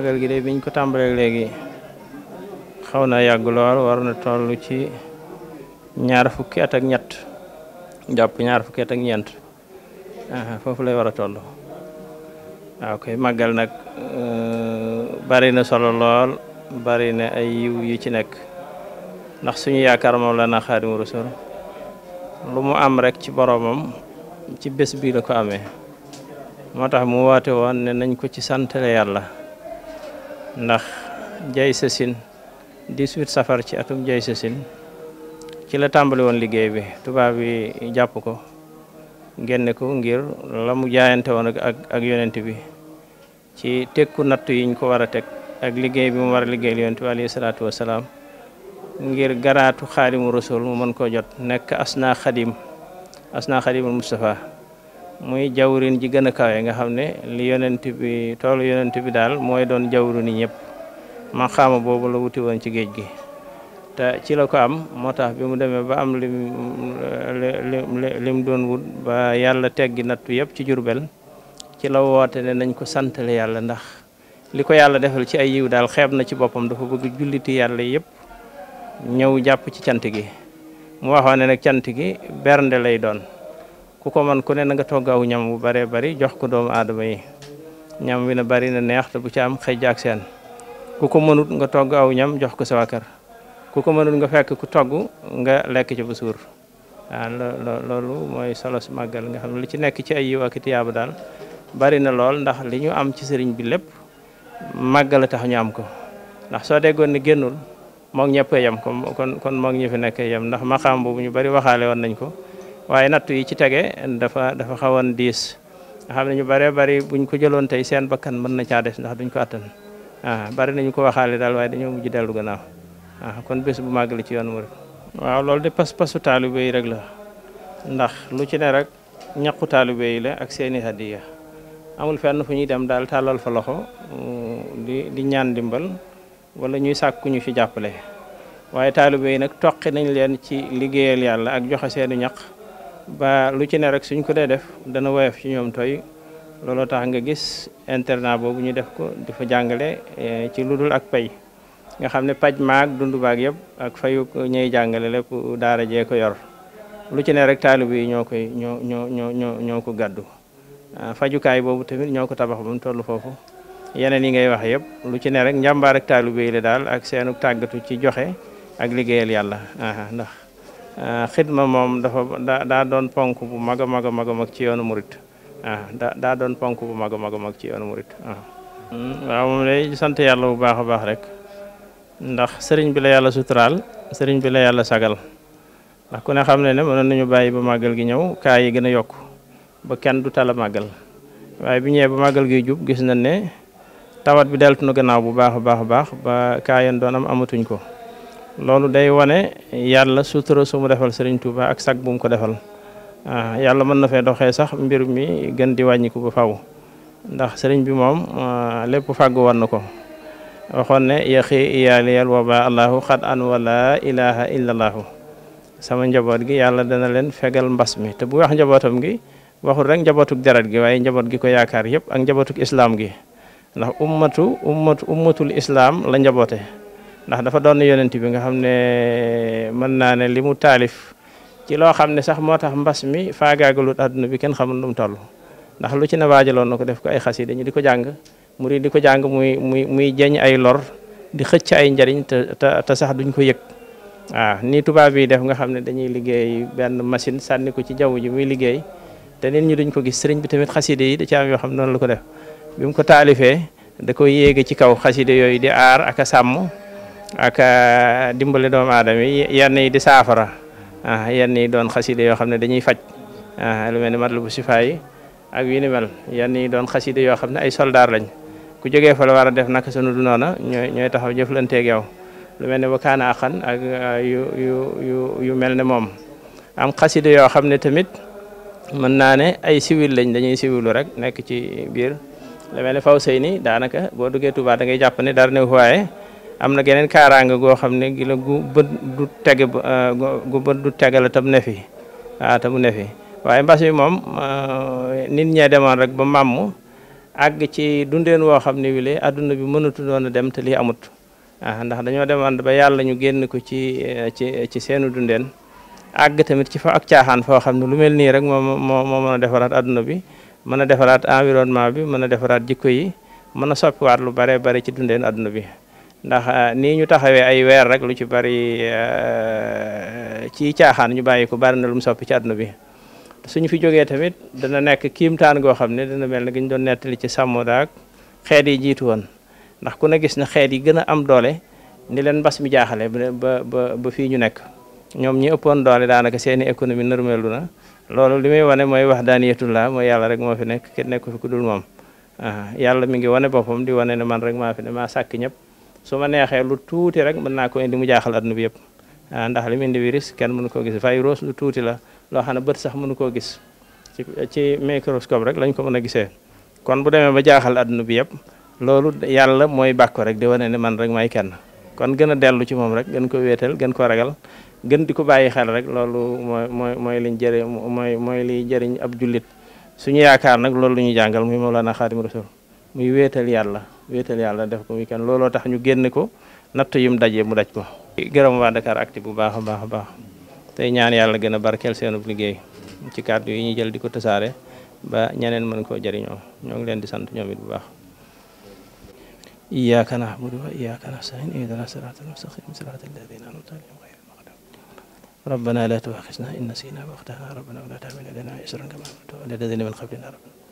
magal gi de biñ ko tàmbalee léegi xawna na lool war na toll ci ñaar fukki at ak ñett japp ñaar fukki at ak aha fofu lay wara a toll waaw magal nak euh bari na solo lool bari na ay yu yu ci nek ndax suñu yaakar la na Xaadimu rasul lu mu am rek ci boromam ci bes bi la ko amé motax mu waté won né nañ ko ci santalé yalla ndax jay sasin 18 safar ci atum jay sasin ci la tàmbali woon liggéey bi tubaab bi jàpp ko génne ko ngir la mu jaayante woon ak ak yonent bi ci tekku nattu yiñ ko war a teg ak liggéey bi mu war a liggéeyal yonent bi alayhi salaatu wasalaam ngir garaatu xaadimu rasul mu mën koo jot nekk asna xadim asna xadimul Mustafa muy jawrin ji gën a kawe nga xam ne li yonent bi toolu yonent bi daal mooy doon jawrini ñëpp maqaama boobu la wuti woon ci géej gi te ci la ko am moo tax bi mu demee ba am lim lim doon wut ba yàlla teggi nattu yëpp ci jurbel ci la woote ne nañ ko santale yàlla ndax li ko yàlla defal ci ay yiw daal xeeb na ci boppam dafa bëgg julliti yàlla yëpp ñëw jàpp ci cant gi mu waxoon ne nag cant gi bernde lay doon ku ko mën ku ne na nga togg aw ñam bu baree bari jox ko doomu aadama yi ñam wi na bari na neex te bu ci am xëj ak seen ku ko mënut nga togg aw ñam jox ko sa waa ku ko mënut nga fekk ku togg nga lekk ci ba suur waaw loolu mooy solo si màggal nga xam ne li ci nekk ci ay yiw ak tiyaaba daal bari na lool ndax li ñu am ci sëriñ bi lépp màggal a tax ñu am ko ndax soo déggoon ni génnul moog ñëpp yem kon kon moog ñi fi nekk yem ndax maqaam boobu ñu bari waxaale woon nañ ko waye natt yi ci tege dafa dafa xawon dis. xamna nyu ñu bëree bëri buñ ko jëlon tay seen bakkan mën na ca def ndax duñ ko atal ah bëri nañ ko waxale dal waye dañu mujj delu gannaaw ah kon bés bu màgg la ci yoon mu waaw lool de pas passu taalibe rek la ndax lu ci ne rek ñaqu taalibe la ak seeni hadiya amul fenn fu ñuy dem dal talal fa loxo mm, di di ñaan dimbal wala ñuy sakku ñu fi jappalé waye taalibe nak nag nañ leen ci liggéeyal yalla ak joxe seeni ñaq ba lu ci ne rek suñ ko dee def dana woyof ci ñoom toy looloo tax nga gis internat boobu ñu def ko di fa jàngale eh, ci lu dul ak pay nga xam ne paj maak dundubaak baag yëpp ak fayu ñuy jàngale lépp daara jee ko yor lu ci ne rek taalib yi ñoo koy ñoo ñoo ñoo ñoo ñoo ko gàddu ah, fajukaay boobu tamit ñoo ko tabax ba mu toll foofu yeneen yi ngay wax yëpp lu ci ne rek njàmbaar ak taalib daal ak seenu tàggatu ci joxe ak liggéeyal yàlla ndax Euh, xidma moom dafa daa doon ponk bu mag a mag a mag mag ci yoonu murit ah daa doon ponk bu mag a mag a mag ci yoonu murit ah. waaw moom lay sant yàlla bu baax a baax rek ndax sëriñ bi la yàlla suturaal sëriñ bi la yàlla sagal ndax ku ne xam ne ne na nañu bàyyi ba màggal gi ñëw kaa yi gën a yokk ba kenn du tal a màggal waaye bi ñëwee bu màggal gi jub gis na ne tawat bi deltu na gannaaw bu baax a baax a baax ba kaa yeen doon am amatuñ ko loolu day wane yàlla sutura su mu defal Serigne Touba ak sag bu ko defal ah, yàlla mën na fee doxee sax mbir mi gën di wàññiku ba faw ndax sëriñ bi moom ah, lépp fàggu war na ko waxoon ne yaxi iyaaliyal waba allahu xat an wala ilaha illa allahu sama njaboot gi yàlla dana leen fegal mbas mi te bu wax njabootam gi waxul rek njabootuk deret gi waaye njaboot gi ko yaakaar yëpp ak njabootuk islaam gi ndax ummatu ummatu ummatul islaam la njaboote ndax dafa doon yonent bi nga xam ne man naa ne li mu taalif ci loo xam ne sax moo tax mbas mi faagaagalut àdduna bi kenn xamul nu mu toll ndax lu ci ne waajaloon na ko def ko ay xasida ñu di ko jàng murid di ko jàng muy muy muy jeñ ay lor di xëcc ay njariñ te te sax duñ ko yëg waaw nii tubaab yi def nga xam ne dañuy liggéey benn machine sànni ko ci jaww ji muy liggéey te nit ñi duñ ko gis sëriñ bi tamit xaside yi da ci am yoo xam ne noonu la ko def bi mu ko taalifee da ko yéege ci kaw xaside yooyu di aar ak sàmm ak euh, dimbali doomu aadama yi yenn yi di saafara ah yenn yi doon xaside yoo xam ne dañuy faj ah, lu mel ni matlabu sifa yi ak yu yenn yi doon xasida yoo xam ne ay soldaar lañ ku jógee fa war a def naka sunu du noona ñooy ñooy taxaw jëflanteeg yow lu mel ne ba kaana ak euh, yu mel ne moom am xaside yoo xam ne tamit mën naa ne ay civil lañ dañuy civilu rek nekk ci biir lu mel ne faw sëy ni daanaka boo duggee Tuubaa da ngay jàpp ne dara new waaye am na geneen kaaraanga goo xam ne gila gu bët du gu bët du tege euh, tam ne fi waaw tam ne fi waaye mbas mi moom euh, nit ñee demoon rek ba màmm àgg ci dundeen woo xam ne wile àdduna bi mënatu doon a dem te lii amut ah, ndax dañoo demoon ba yàlla ñu génn ko ci euh, ci ci seenu dundeen àgg tamit ci fa ak caaxaan foo xam ne lu mel nii rek moo moo moo mën a defaraat àdduna bi mën a defaraat environnement bi mën a defaraat jikko yi mën a soppiwaat lu bare bare ci dundeen àdduna bi ndax eh, nii ñu taxawee ay weer rek lu ci bari eh, ci caaxaan ñu bàyyi ko bari na lu mu soppi ci àdduna bi suñu fi jógee tamit dana nekk kiimtaan goo xam ne dana mel na ga ñu doon nettali ci sàmmodaak xeet yi jiitu woon ndax ku ne gis na xeet yi gën a am doole ni leen mbas mi jaaxale ba ba ba fii ñu nekk ñoom ñi ëppoon doole daanaka seeni économie normelu na loolu li may wane mooy wax daaniyatullah mooy yàlla rek moo fi nekk kenn nekku fi ku dul moom ah, yàlla mi ngi wane boppam di wane ne man rek maa fi ne sàkk ñëpp so ma neexee ya, lu tuuti rek mën na ko indi mu jaaxal aduna bi yépp ah, ndax limi indi virus kenn mënu ko gis virus lu tuuti la lo xana bëtt sax mënu ko gis ci ci microscope rek lañ ko mëna gisé kon bu démé ba jaaxal aduna bi yépp lolu yalla moy bakko rek di wone ni man rek may kenn kon gëna delu ci mom rek gën ko wétal gën ko ragal gën diko bayyi xel rek lolu moy moy moy liñ jëré moy moy li jëriñ ab julit suñu yaakaar nak lolu ñu muy Mawlana khadim Rasul muy wétal yalla wéetal yalla def ko week lolo tax ñu genn ko natt yum dajee mu daj ko gërëm wa dakar Dakaractu bu baaxa baaxa baax tay ñaan yalla gëna barkel seenu seenub liggéey ci cadre yi ñu jël diko tassaré ba ñaneen mën ko jariño ñoo ngi leen di sant ñoom it bu baax iyyaka na'budu wa iyyaka nasta'in ihdinas siratal mustaqim siratal ladzina an'amta 'alaihim ghayril maghdubi ربنا لا تؤاخذنا إن نسينا وأخطأنا ربنا ولا تحمل علينا إصرا كما حملته على الذين من قبلنا ربنا